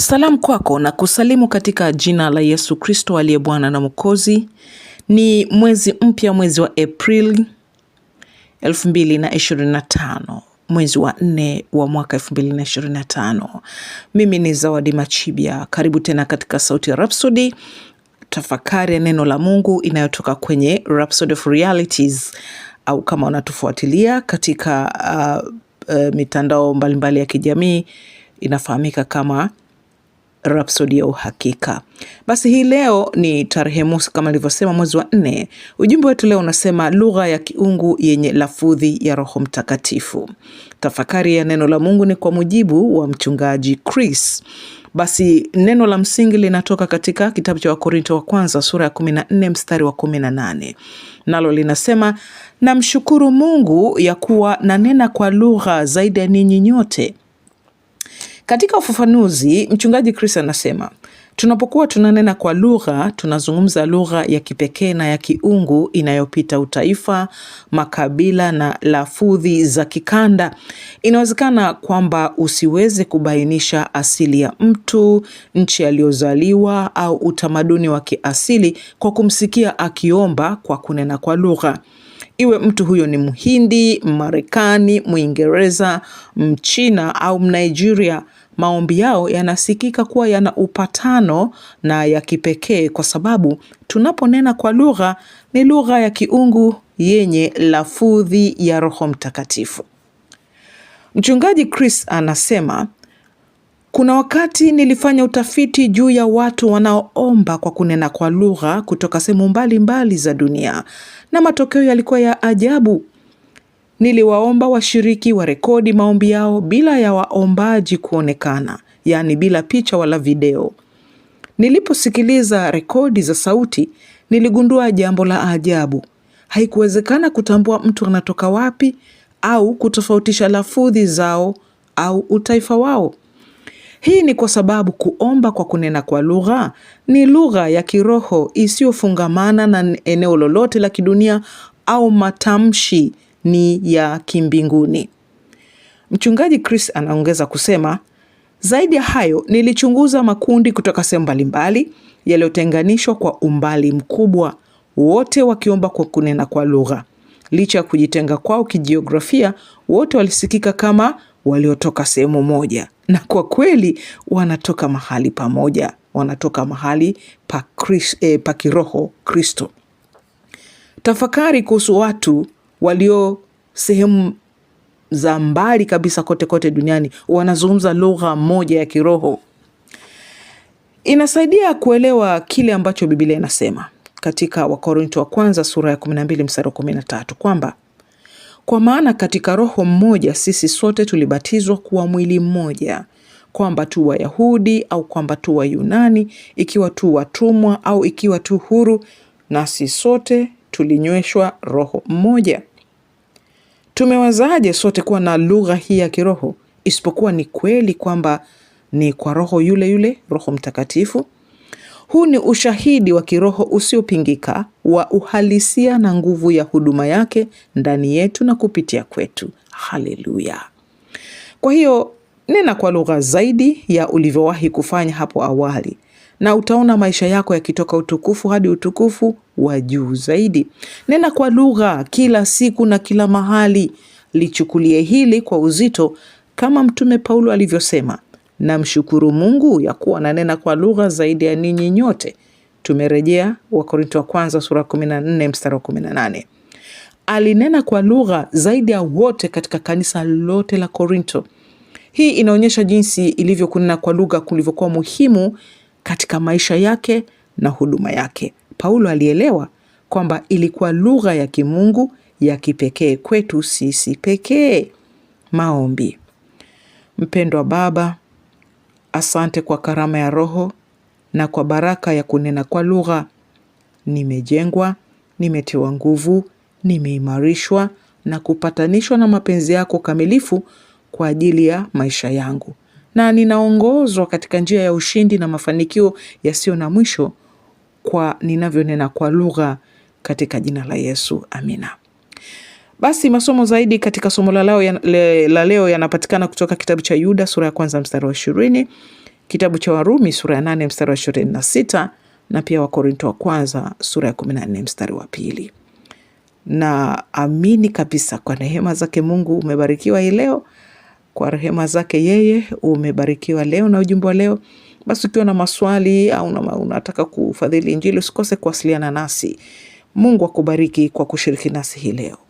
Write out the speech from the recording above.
Salamu kwako na kusalimu katika jina la Yesu Kristo aliye Bwana na Mwokozi. Ni mwezi mpya, mwezi wa Aprili 2025, mwezi wa nne wa mwaka 2025. Mimi ni Zawadi Machibia, karibu tena katika Sauti ya Rhapsody, tafakari ya neno la Mungu inayotoka kwenye Rhapsody of Realities, au kama unatufuatilia katika uh, uh, mitandao mbalimbali mbali ya kijamii inafahamika kama Rhapsodi ya Uhakika. Basi hii leo ni tarehe mosi kama nilivyosema, mwezi wa nne. Ujumbe wetu leo unasema lugha ya kiungu yenye lafudhi ya Roho Mtakatifu. Tafakari ya neno la Mungu ni kwa mujibu wa mchungaji Chris. Basi neno la msingi linatoka katika kitabu cha Wakorinto wa kwanza sura ya 14 mstari wa 18, nalo linasema namshukuru Mungu ya kuwa nanena kwa lugha zaidi ya ninyi nyote katika ufafanuzi, mchungaji Chris anasema tunapokuwa tunanena kwa lugha, tunazungumza lugha ya kipekee na ya kiungu inayopita utaifa, makabila na lafudhi za kikanda. Inawezekana kwamba usiweze kubainisha asili ya mtu, nchi aliyozaliwa au utamaduni wa kiasili kwa kumsikia akiomba kwa kunena kwa lugha. Iwe mtu huyo ni Mhindi, Mmarekani, Mwingereza, Mchina au Mnigeria maombi yao yanasikika kuwa yana upatano na ya kipekee kwa sababu tunaponena kwa lugha ni lugha ya kiungu yenye lafudhi ya Roho Mtakatifu. Mchungaji Chris anasema, kuna wakati nilifanya utafiti juu ya watu wanaoomba kwa kunena kwa lugha kutoka sehemu mbalimbali za dunia na matokeo yalikuwa ya ajabu. Niliwaomba washiriki warekodi maombi yao bila ya waombaji kuonekana, yaani bila picha wala video. Niliposikiliza rekodi za sauti, niligundua jambo la ajabu. Haikuwezekana kutambua mtu anatoka wapi au kutofautisha lafudhi zao au utaifa wao. Hii ni kwa sababu kuomba kwa kunena kwa lugha ni lugha ya kiroho isiyofungamana na eneo lolote la kidunia au matamshi ni ya kimbinguni. Mchungaji Chris anaongeza kusema, zaidi ya hayo, nilichunguza makundi kutoka sehemu mbalimbali yaliyotenganishwa kwa umbali mkubwa, wote wakiomba kwa kunena kwa lugha. Licha ya kujitenga kwao kijiografia, wote walisikika kama waliotoka sehemu moja, na kwa kweli wanatoka mahali pamoja, wanatoka mahali pa, Chris, eh, pa kiroho Kristo. Tafakari kuhusu watu walio sehemu za mbali kabisa kote kote duniani wanazungumza lugha moja ya kiroho. Inasaidia kuelewa kile ambacho Biblia inasema katika Wakorinto wa kwanza sura ya 12 mstari wa 13 kwamba kwa maana katika roho mmoja sisi sote tulibatizwa kuwa mwili mmoja, kwamba tu Wayahudi au kwamba tu Wayunani, ikiwa tu watumwa au ikiwa tu huru, nasi sote tulinyweshwa roho mmoja. Tumewezaje sote kuwa na lugha hii ya kiroho isipokuwa ni kweli kwamba ni kwa roho yule yule, Roho Mtakatifu? Huu ni ushahidi wa kiroho usiopingika wa uhalisia na nguvu ya huduma yake ndani yetu na kupitia kwetu. Haleluya! Kwa hiyo nena kwa lugha zaidi ya ulivyowahi kufanya hapo awali na utaona maisha yako yakitoka utukufu hadi utukufu wa juu zaidi. Nena kwa lugha kila siku na kila mahali. Lichukulie hili kwa uzito kama Mtume Paulo alivyosema, namshukuru Mungu ya kuwa nanena kwa lugha zaidi ya ninyi nyote. Tumerejea Wakorinto wa kwanza sura 14 mstari wa 18. Alinena kwa lugha zaidi ya wote katika kanisa lote la Korinto. Hii inaonyesha jinsi ilivyokunena kwa lugha kulivyokuwa muhimu katika maisha yake na huduma yake. Paulo alielewa kwamba ilikuwa lugha ya kimungu ya kipekee kwetu sisi pekee. Maombi. Mpendwa Baba, asante kwa karama ya Roho na kwa baraka ya kunena kwa lugha. Nimejengwa, nimetiwa nguvu, nimeimarishwa na kupatanishwa na mapenzi yako kamilifu kwa ajili ya maisha yangu na ninaongozwa katika njia ya ushindi na mafanikio yasiyo na mwisho kwa ninavyonena kwa lugha katika jina la Yesu. Amina. Basi masomo zaidi katika somo la leo yanapatikana kutoka kitabu cha Yuda sura ya kwanza mstari wa ishirini, kitabu cha Warumi sura ya nane mstari wa ishirini na sita na pia Wakorinto wa kwanza sura ya kumi na nne mstari wa pili. Na amini kabisa kwa neema zake Mungu umebarikiwa hii leo. Kwa rehema zake yeye umebarikiwa leo na ujumbe wa leo. Basi ukiwa na maswali au unataka kufadhili Injili, usikose kuwasiliana nasi. Mungu akubariki kwa kushiriki nasi hii leo.